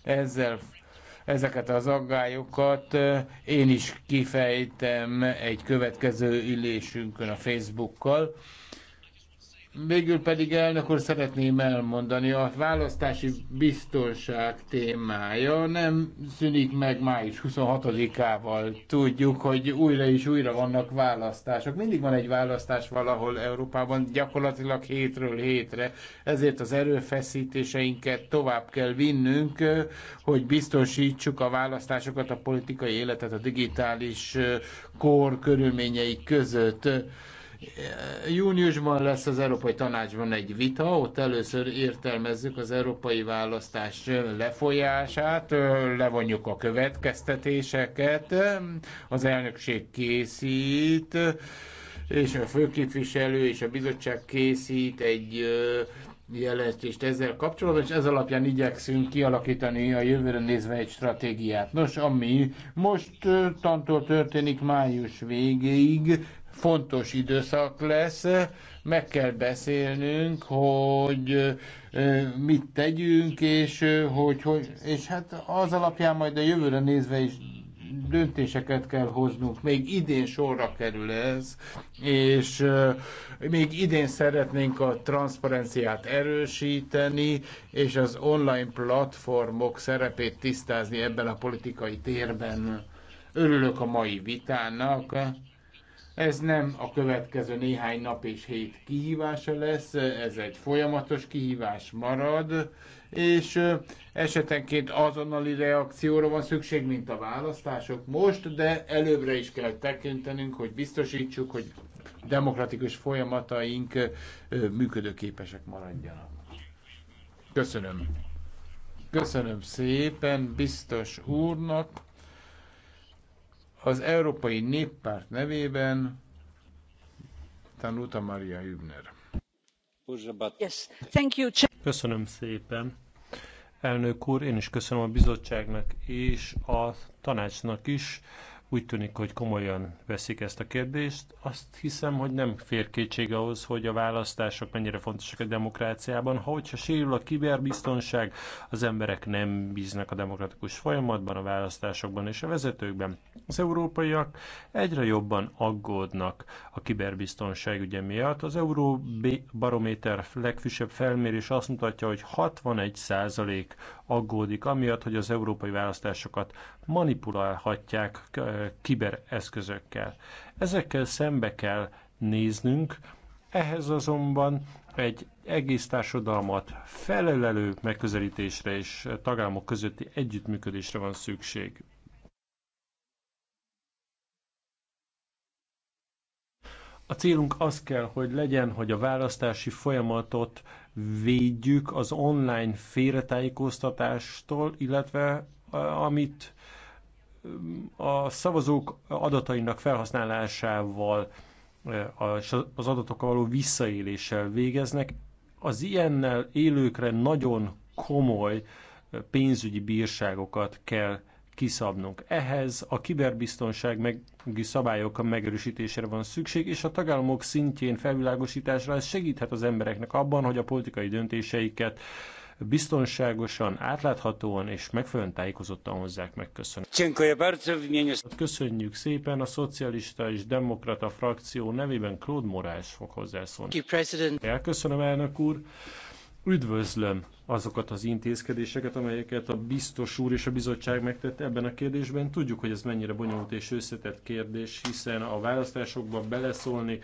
Ezzel ezeket az aggályokat én is kifejtem egy következő ülésünkön a Facebookkal Végül pedig elnök úr szeretném elmondani, a választási biztonság témája nem szűnik meg május 26-ával. Tudjuk, hogy újra és újra vannak választások. Mindig van egy választás valahol Európában, gyakorlatilag hétről hétre. Ezért az erőfeszítéseinket tovább kell vinnünk, hogy biztosítsuk a választásokat, a politikai életet a digitális kor körülményei között Júniusban lesz az Európai Tanácsban egy vita, ott először értelmezzük az európai választás lefolyását, levonjuk a következtetéseket, az elnökség készít, és a főképviselő és a bizottság készít egy jelentést ezzel kapcsolatban, és ez alapján igyekszünk kialakítani a jövőre nézve egy stratégiát. Nos, ami most tantól történik május végéig, fontos időszak lesz. Meg kell beszélnünk, hogy mit tegyünk, és, hogy, hogy, és hát az alapján majd a jövőre nézve is döntéseket kell hoznunk. Még idén sorra kerül ez, és még idén szeretnénk a transzparenciát erősíteni, és az online platformok szerepét tisztázni ebben a politikai térben. Örülök a mai vitának. Ez nem a következő néhány nap és hét kihívása lesz, ez egy folyamatos kihívás marad, és esetenként azonnali reakcióra van szükség, mint a választások most, de előbbre is kell tekintenünk, hogy biztosítsuk, hogy demokratikus folyamataink működőképesek maradjanak. Köszönöm. Köszönöm szépen biztos úrnak. Az Európai Néppárt nevében tanulta Maria Hübner. Köszönöm szépen. Elnök úr, én is köszönöm a bizottságnak és a tanácsnak is úgy tűnik, hogy komolyan veszik ezt a kérdést. Azt hiszem, hogy nem fér kétség ahhoz, hogy a választások mennyire fontosak a demokráciában. Ha hogyha sérül a kiberbiztonság, az emberek nem bíznak a demokratikus folyamatban, a választásokban és a vezetőkben. Az európaiak egyre jobban aggódnak a kiberbiztonság ügye miatt. Az Euróbarométer legfrissebb felmérés azt mutatja, hogy 61% aggódik amiatt, hogy az európai választásokat manipulálhatják kibereszközökkel. Ezekkel szembe kell néznünk, ehhez azonban egy egész társadalmat felelelő megközelítésre és tagállamok közötti együttműködésre van szükség. A célunk az kell, hogy legyen, hogy a választási folyamatot védjük az online félretájékoztatástól, illetve amit a szavazók adatainak felhasználásával és eh, az adatokkal való visszaéléssel végeznek. Az ilyennel élőkre nagyon komoly eh, pénzügyi bírságokat kell kiszabnunk. Ehhez a kiberbiztonság meg szabályok megerősítésére van szükség, és a tagállamok szintjén felvilágosításra ez segíthet az embereknek abban, hogy a politikai döntéseiket biztonságosan, átláthatóan és megfelelően tájékozottan hozzák meg. Köszönöm. Hát köszönjük szépen a szocialista és demokrata frakció nevében Claude Morás fog hozzászólni. Elköszönöm, elnök úr. Üdvözlöm azokat az intézkedéseket, amelyeket a biztos úr és a bizottság megtett ebben a kérdésben. Tudjuk, hogy ez mennyire bonyolult és összetett kérdés, hiszen a választásokba beleszólni,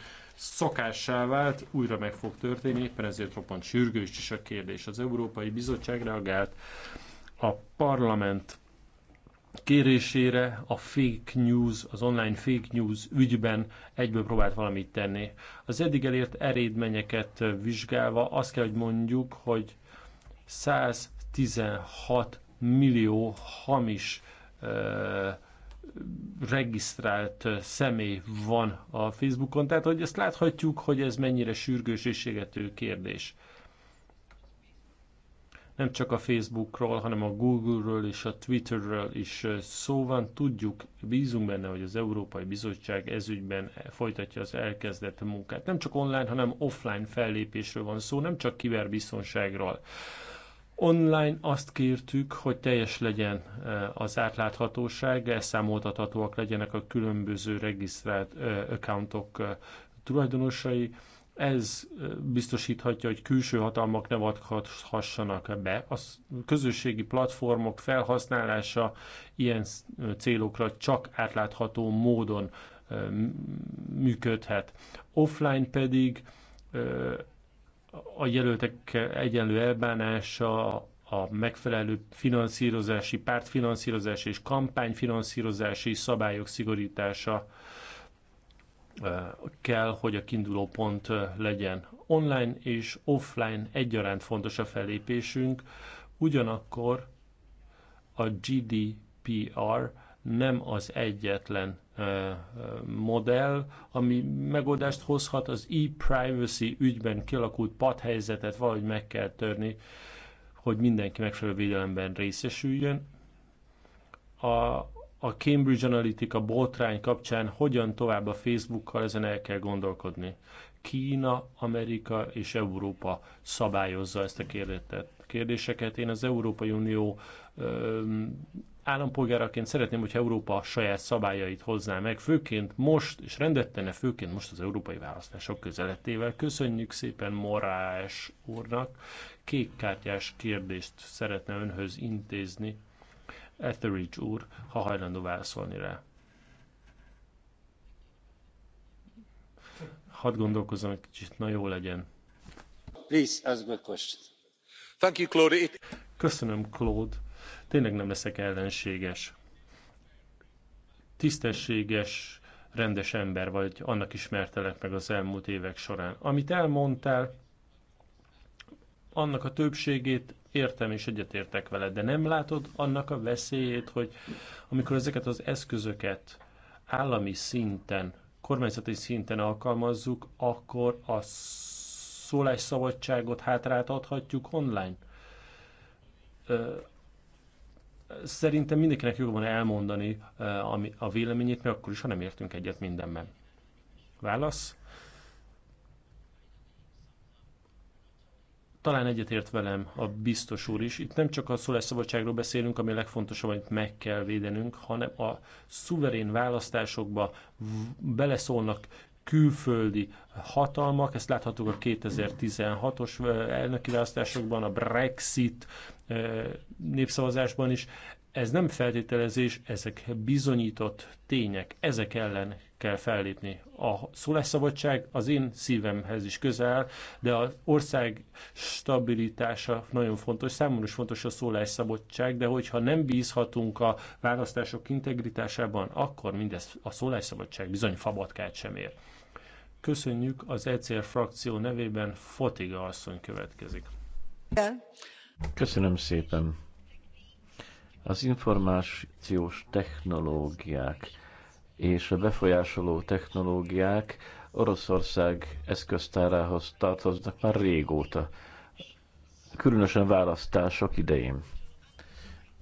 szokássá vált, újra meg fog történni, éppen ezért roppant sürgős is a kérdés. Az Európai Bizottság reagált a parlament kérésére a fake news, az online fake news ügyben egyből próbált valamit tenni. Az eddig elért eredményeket vizsgálva azt kell, hogy mondjuk, hogy 116 millió hamis uh, regisztrált személy van a Facebookon, tehát hogy ezt láthatjuk, hogy ez mennyire sürgős és égető kérdés. Nem csak a Facebookról, hanem a Google-ről és a Twitterről is szó van. Tudjuk, bízunk benne, hogy az Európai Bizottság ezügyben folytatja az elkezdett munkát. Nem csak online, hanem offline fellépésről van szó, nem csak kiberbiztonságról. Online azt kértük, hogy teljes legyen e, az átláthatóság, elszámoltathatóak legyenek a különböző regisztrált e, accountok e, tulajdonosai. Ez biztosíthatja, hogy külső hatalmak ne vadhassanak be. A közösségi platformok felhasználása ilyen célokra csak átlátható módon működhet. Offline pedig a jelöltek egyenlő elbánása, a megfelelő finanszírozási, pártfinanszírozási és kampányfinanszírozási szabályok szigorítása kell, hogy a kiinduló pont legyen. Online és offline egyaránt fontos a fellépésünk, ugyanakkor a GDPR nem az egyetlen modell, ami megoldást hozhat, az e-privacy ügyben kialakult padhelyzetet valahogy meg kell törni, hogy mindenki megfelelő védelemben részesüljön. A, a Cambridge Analytica botrány kapcsán hogyan tovább a Facebookkal, ezen el kell gondolkodni. Kína, Amerika és Európa szabályozza ezt a kérdést. kérdéseket. Én az Európai Unió állampolgáraként szeretném, hogyha Európa saját szabályait hozná meg, főként most, és rendettene főként most az európai választások közeletével. Köszönjük szépen Morás úrnak. Kékkártyás kérdést szeretne önhöz intézni. Etheridge úr, ha hajlandó válaszolni rá. Hadd gondolkozom egy kicsit, na jó legyen. Please ask a question. Thank you, Claude. Köszönöm, Claude Tényleg nem leszek ellenséges. Tisztességes, rendes ember vagy, annak ismertelek meg az elmúlt évek során. Amit elmondtál, annak a többségét értem és egyetértek veled, de nem látod annak a veszélyét, hogy amikor ezeket az eszközöket állami szinten, kormányzati szinten alkalmazzuk, akkor a szólásszabadságot hátrát adhatjuk online. Szerintem mindenkinek jó van elmondani eh, a véleményét, mert akkor is, ha nem értünk egyet mindenben. Válasz? talán egyetért velem a biztos úr is. Itt nem csak a szólásszabadságról beszélünk, ami a legfontosabb, amit meg kell védenünk, hanem a szuverén választásokba beleszólnak külföldi hatalmak, ezt láthatók a 2016-os elnöki választásokban, a Brexit népszavazásban is. Ez nem feltételezés, ezek bizonyított tények, ezek ellen kell fellépni. A szólásszabadság az én szívemhez is közel, de az ország stabilitása nagyon fontos, számomra is fontos a szólásszabadság, de hogyha nem bízhatunk a választások integritásában, akkor mindez a szólásszabadság bizony fabatkát sem ér. Köszönjük az ECR frakció nevében, Fotiga asszony következik. Köszönöm szépen. Az információs technológiák és a befolyásoló technológiák Oroszország eszköztárához tartoznak már régóta, különösen választások idején.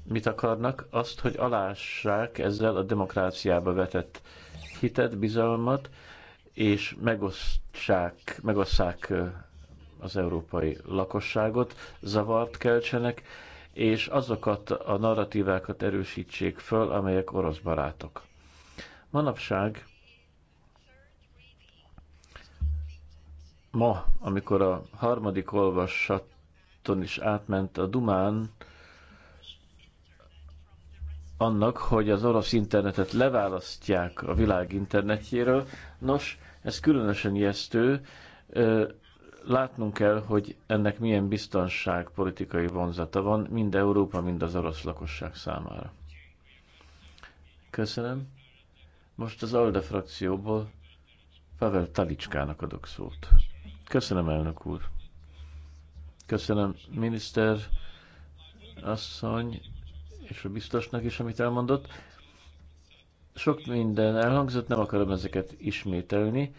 Mit akarnak? Azt, hogy alássák ezzel a demokráciába vetett hitet, bizalmat, és megosztsák megosszák az európai lakosságot, zavart keltsenek, és azokat a narratívákat erősítsék föl, amelyek orosz barátok. Manapság ma, amikor a harmadik olvasaton is átment a Dumán, annak, hogy az orosz internetet leválasztják a világ internetjéről. Nos, ez különösen ijesztő. Látnunk kell, hogy ennek milyen biztonságpolitikai vonzata van, mind Európa, mind az orosz lakosság számára. Köszönöm. Most az ALDE frakcióból Pavel Talicskának adok szót. Köszönöm, elnök úr. Köszönöm, miniszter asszony, és a biztosnak is, amit elmondott. Sok minden elhangzott, nem akarom ezeket ismételni.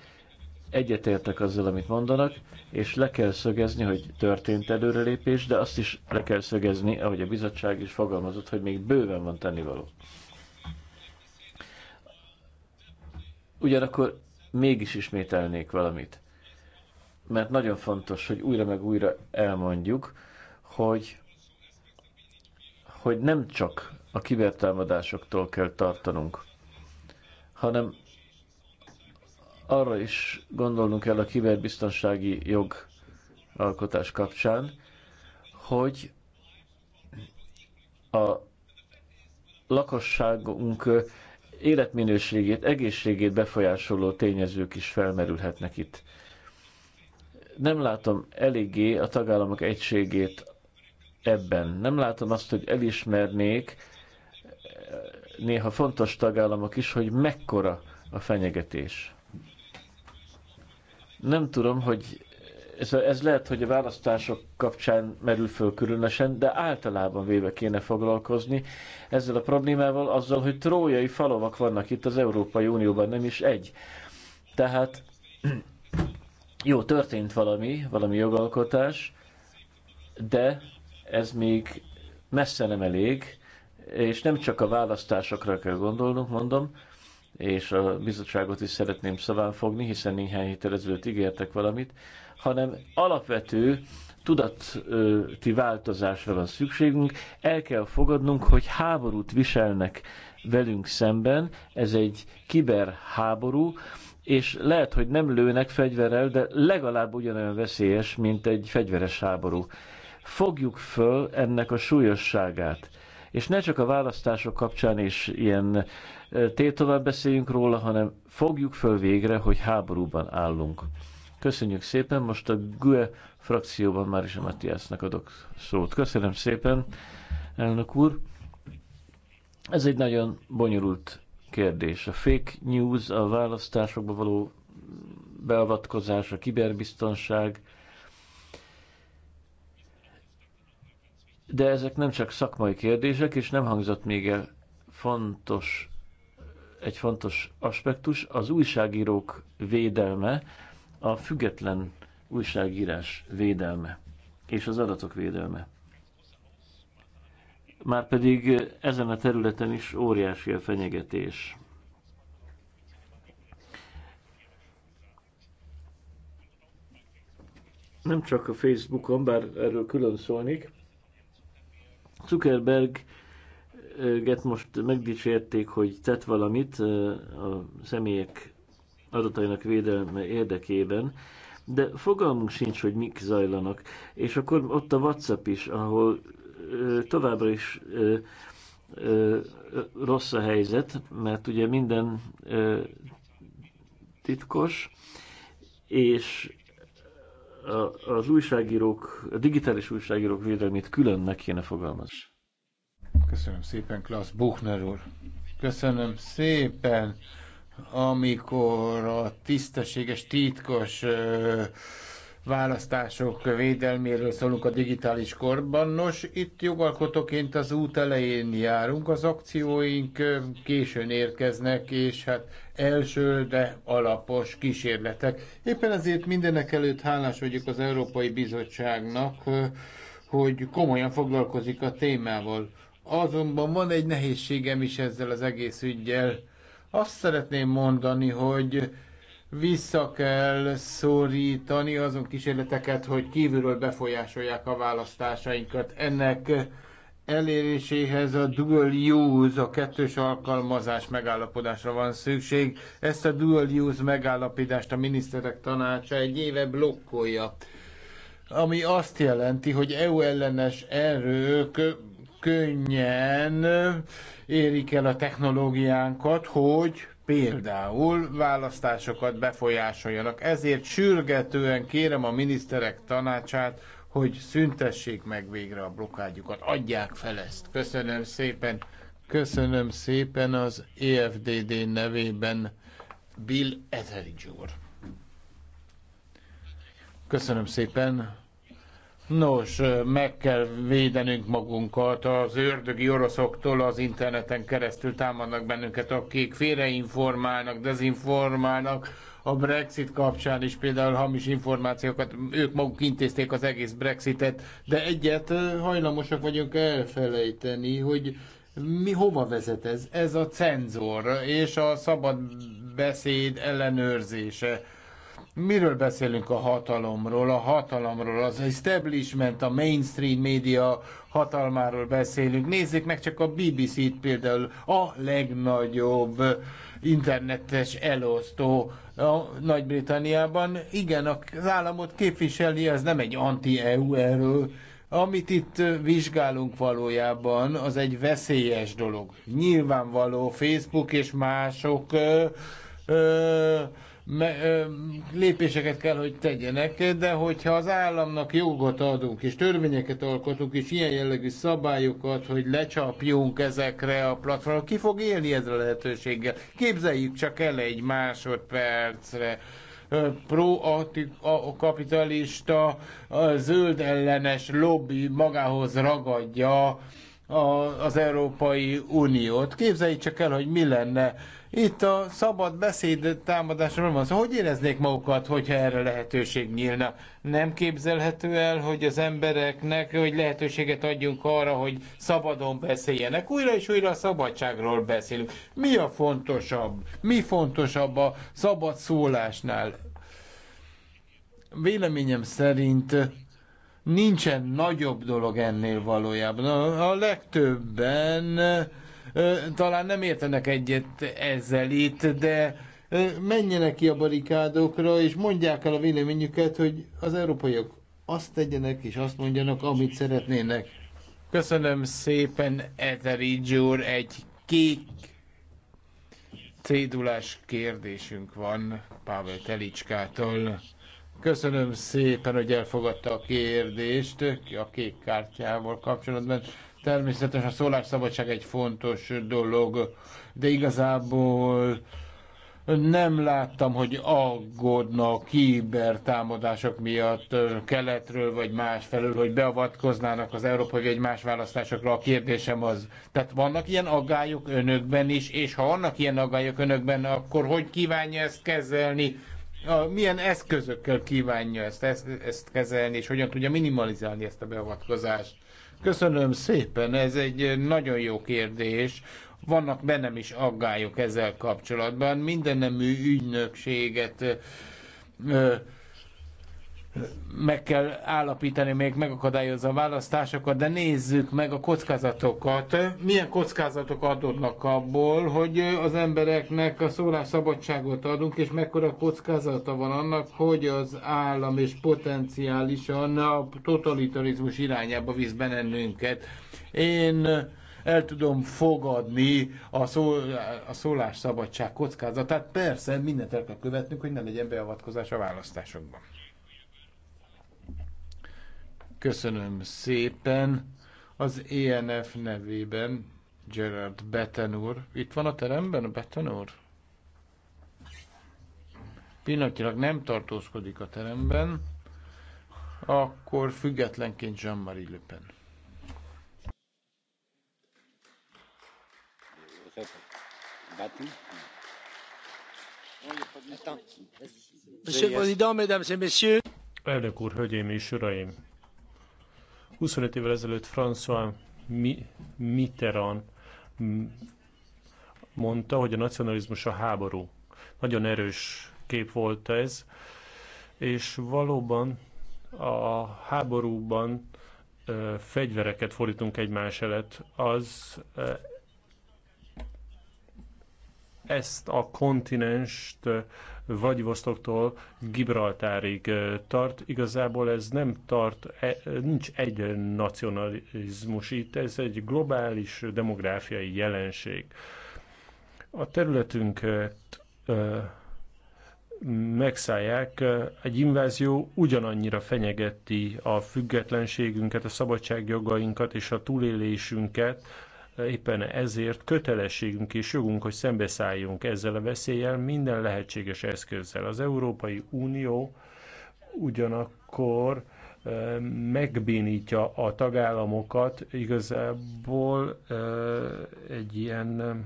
Egyetértek azzal, amit mondanak, és le kell szögezni, hogy történt előrelépés, de azt is le kell szögezni, ahogy a bizottság is fogalmazott, hogy még bőven van tennivaló. Ugyanakkor mégis ismételnék valamit. Mert nagyon fontos, hogy újra meg újra elmondjuk, hogy, hogy nem csak a kibertámadásoktól kell tartanunk, hanem arra is gondolnunk kell a kiberbiztonsági jogalkotás kapcsán, hogy a lakosságunk életminőségét, egészségét befolyásoló tényezők is felmerülhetnek itt. Nem látom eléggé a tagállamok egységét ebben. Nem látom azt, hogy elismernék néha fontos tagállamok is, hogy mekkora a fenyegetés. Nem tudom, hogy ez, ez lehet, hogy a választások kapcsán merül föl különösen, de általában véve kéne foglalkozni ezzel a problémával, azzal, hogy trójai falovak vannak itt az Európai Unióban, nem is egy. Tehát jó, történt valami, valami jogalkotás, de ez még messze nem elég, és nem csak a választásokra kell gondolnunk, mondom, és a bizottságot is szeretném szaván fogni, hiszen néhány héttel ezelőtt ígértek valamit, hanem alapvető tudati változásra van szükségünk. El kell fogadnunk, hogy háborút viselnek velünk szemben, ez egy kiberháború, és lehet, hogy nem lőnek fegyverrel, de legalább ugyanolyan veszélyes, mint egy fegyveres háború. Fogjuk föl ennek a súlyosságát. És ne csak a választások kapcsán is ilyen tétovább beszéljünk róla, hanem fogjuk föl végre, hogy háborúban állunk. Köszönjük szépen, most a GUE frakcióban már is a Matthiasnak adok szót. Köszönöm szépen, elnök úr. Ez egy nagyon bonyolult kérdés. A fake news, a választásokba való beavatkozás, a kiberbiztonság, de ezek nem csak szakmai kérdések, és nem hangzott még el fontos, egy fontos aspektus, az újságírók védelme, a független újságírás védelme és az adatok védelme. Márpedig ezen a területen is óriási a fenyegetés. Nem csak a Facebookon, bár erről külön szólnék, Zuckerberg Get most megdicsérték, hogy tett valamit a személyek adatainak védelme érdekében, de fogalmunk sincs, hogy mik zajlanak. És akkor ott a WhatsApp is, ahol ö, továbbra is ö, ö, rossz a helyzet, mert ugye minden ö, titkos, és a, az újságírók, a digitális újságírók védelmét külön meg kéne fogalmazni. Köszönöm szépen, Klaus Buchner úr. Köszönöm szépen amikor a tisztességes, titkos ö, választások védelméről szólunk a digitális korban. Nos, itt jogalkotóként az út elején járunk, az akcióink későn érkeznek, és hát első, de alapos kísérletek. Éppen ezért mindenek előtt hálás vagyok az Európai Bizottságnak, hogy komolyan foglalkozik a témával. Azonban van egy nehézségem is ezzel az egész ügyjel azt szeretném mondani, hogy vissza kell szorítani azon kísérleteket, hogy kívülről befolyásolják a választásainkat. Ennek eléréséhez a dual use, a kettős alkalmazás megállapodásra van szükség. Ezt a dual use megállapítást a miniszterek tanácsa egy éve blokkolja, ami azt jelenti, hogy EU ellenes erők könnyen érik el a technológiánkat, hogy például választásokat befolyásoljanak. Ezért sürgetően kérem a miniszterek tanácsát, hogy szüntessék meg végre a blokádjukat. Adják fel ezt. Köszönöm szépen. Köszönöm szépen az EFDD nevében Bill Etheridge úr. Köszönöm szépen. Nos, meg kell védenünk magunkat az ördögi oroszoktól, az interneten keresztül támadnak bennünket, akik félreinformálnak, dezinformálnak, a Brexit kapcsán is például hamis információkat, ők maguk intézték az egész Brexitet, de egyet hajlamosak vagyunk elfelejteni, hogy mi hova vezet ez? Ez a cenzor és a szabad beszéd ellenőrzése Miről beszélünk a hatalomról? A hatalomról, az establishment, a mainstream média hatalmáról beszélünk. Nézzék meg csak a BBC-t például, a legnagyobb internetes elosztó Nagy-Britanniában. Igen, az államot képviseli, ez nem egy anti-EU erő. Amit itt vizsgálunk valójában, az egy veszélyes dolog. Nyilvánvaló Facebook és mások ö, ö, lépéseket kell, hogy tegyenek, de hogyha az államnak jogot adunk, és törvényeket alkotunk, és ilyen jellegű szabályokat, hogy lecsapjunk ezekre a platformokra, ki fog élni ezzel a lehetőséggel? Képzeljük csak el egy másodpercre pro-kapitalista, zöld ellenes lobby magához ragadja a, az Európai Uniót. Képzeljük csak el, hogy mi lenne, itt a szabad beszéd támadásról van szó. hogy éreznék magukat, hogyha erre lehetőség nyílna? Nem képzelhető el, hogy az embereknek, hogy lehetőséget adjunk arra, hogy szabadon beszéljenek. Újra és újra a szabadságról beszélünk. Mi a fontosabb? Mi fontosabb a szabad szólásnál? Véleményem szerint nincsen nagyobb dolog ennél valójában. A legtöbben talán nem értenek egyet ezzel itt, de menjenek ki a barikádokra, és mondják el a véleményüket, hogy az európaiak azt tegyenek, és azt mondjanak, amit szeretnének. Köszönöm szépen, Eteri Gyur, egy kék cédulás kérdésünk van Pável Telicskától. Köszönöm szépen, hogy elfogadta a kérdést a kék kártyával kapcsolatban. Természetesen a szólásszabadság egy fontos dolog, de igazából nem láttam, hogy aggódna a kibertámadások miatt keletről vagy másfelől, hogy beavatkoznának az európai vagy más választásokra. A kérdésem az, tehát vannak ilyen aggályok önökben is, és ha vannak ilyen aggályok önökben, akkor hogy kívánja ezt kezelni? A, milyen eszközökkel kívánja ezt, ezt, ezt kezelni, és hogyan tudja minimalizálni ezt a beavatkozást? Köszönöm szépen, ez egy nagyon jó kérdés. Vannak bennem is aggályok ezzel kapcsolatban. minden nemű ügynökséget ö, meg kell állapítani, még megakadályozza a választásokat, de nézzük meg a kockázatokat. Milyen kockázatok adódnak abból, hogy az embereknek a szólásszabadságot adunk, és mekkora kockázata van annak, hogy az állam és potenciálisan a totalitarizmus irányába visz bennünket. Én el tudom fogadni a, szó, a szólásszabadság kockázatát. Persze, mindent el kell követnünk, hogy ne legyen beavatkozás a választásokban. Köszönöm szépen. Az ENF nevében Gerard Betten úr. Itt van a teremben Betten úr? Pillanatilag nem tartózkodik a teremben. Akkor függetlenként Jean-Marie Le Pen. Monsieur le Président, Mesdames et Messieurs! Elnök úr, hölgyeim és uraim! 25 évvel ezelőtt François Mitterrand mondta, hogy a nacionalizmus a háború. Nagyon erős kép volt ez, és valóban a háborúban fegyvereket fordítunk egymás elett. az ezt a kontinenst Vagyvosztoktól Gibraltárig tart. Igazából ez nem tart, e, nincs egy nacionalizmus itt, ez egy globális demográfiai jelenség. A területünket megszállják, egy invázió ugyanannyira fenyegeti a függetlenségünket, a szabadságjogainkat és a túlélésünket, Éppen ezért kötelességünk és jogunk, hogy szembeszálljunk ezzel a veszéllyel minden lehetséges eszközzel. Az Európai Unió ugyanakkor megbénítja a tagállamokat igazából egy ilyen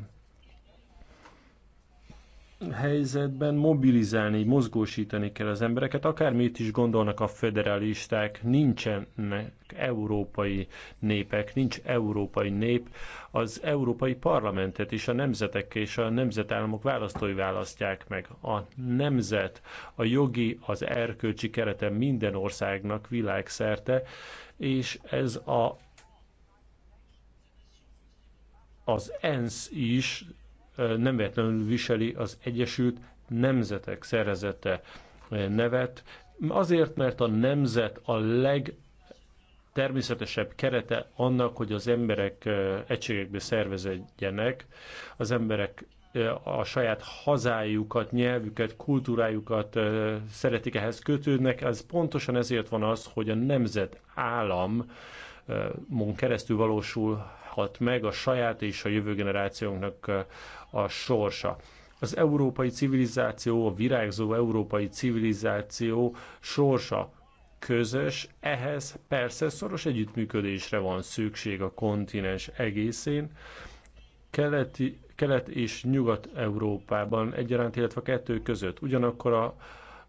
helyzetben mobilizálni, mozgósítani kell az embereket, akármit is gondolnak a federalisták, nincsenek európai népek, nincs európai nép, az európai parlamentet és a nemzetek és a nemzetállamok választói választják meg. A nemzet, a jogi, az erkölcsi kerete minden országnak világszerte, és ez a az ENSZ is nem véletlenül viseli az Egyesült Nemzetek szervezete nevet, azért, mert a nemzet a leg természetesebb kerete annak, hogy az emberek egységekbe szerveződjenek, az emberek a saját hazájukat, nyelvüket, kultúrájukat szeretik ehhez kötődnek. Ez pontosan ezért van az, hogy a nemzet állam mon keresztül valósulhat meg a saját és a jövő generációnknak a sorsa. Az európai civilizáció, a virágzó európai civilizáció sorsa közös, ehhez persze szoros együttműködésre van szükség a kontinens egészén. Keleti, kelet és Nyugat-Európában egyaránt, illetve kettő között. Ugyanakkor a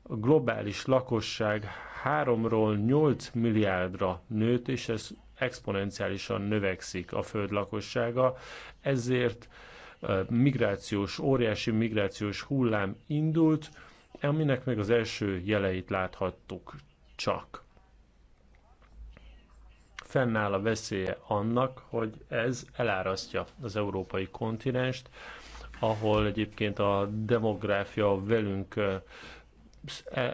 globális lakosság 3-ról 8 milliárdra nőtt, és ez exponenciálisan növekszik a föld lakossága, ezért migrációs, óriási migrációs hullám indult, aminek meg az első jeleit láthattuk csak. Fennáll a veszélye annak, hogy ez elárasztja az európai kontinenst, ahol egyébként a demográfia velünk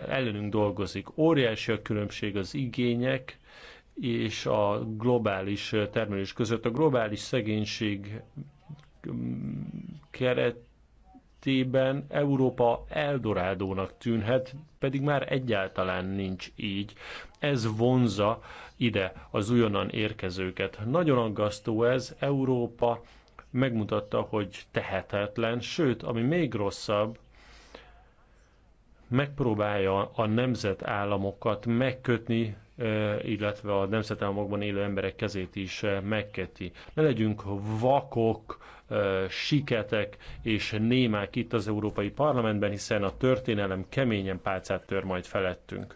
ellenünk dolgozik. Óriási a különbség az igények és a globális termelés között. A globális szegénység mm, keretében Európa eldorádónak tűnhet, pedig már egyáltalán nincs így. Ez vonza ide az újonnan érkezőket. Nagyon aggasztó ez, Európa megmutatta, hogy tehetetlen, sőt, ami még rosszabb, megpróbálja a nemzetállamokat megkötni, illetve a nemzetállamokban élő emberek kezét is megketi. Ne legyünk vakok, siketek és némák itt az Európai Parlamentben, hiszen a történelem keményen pálcát tör majd felettünk.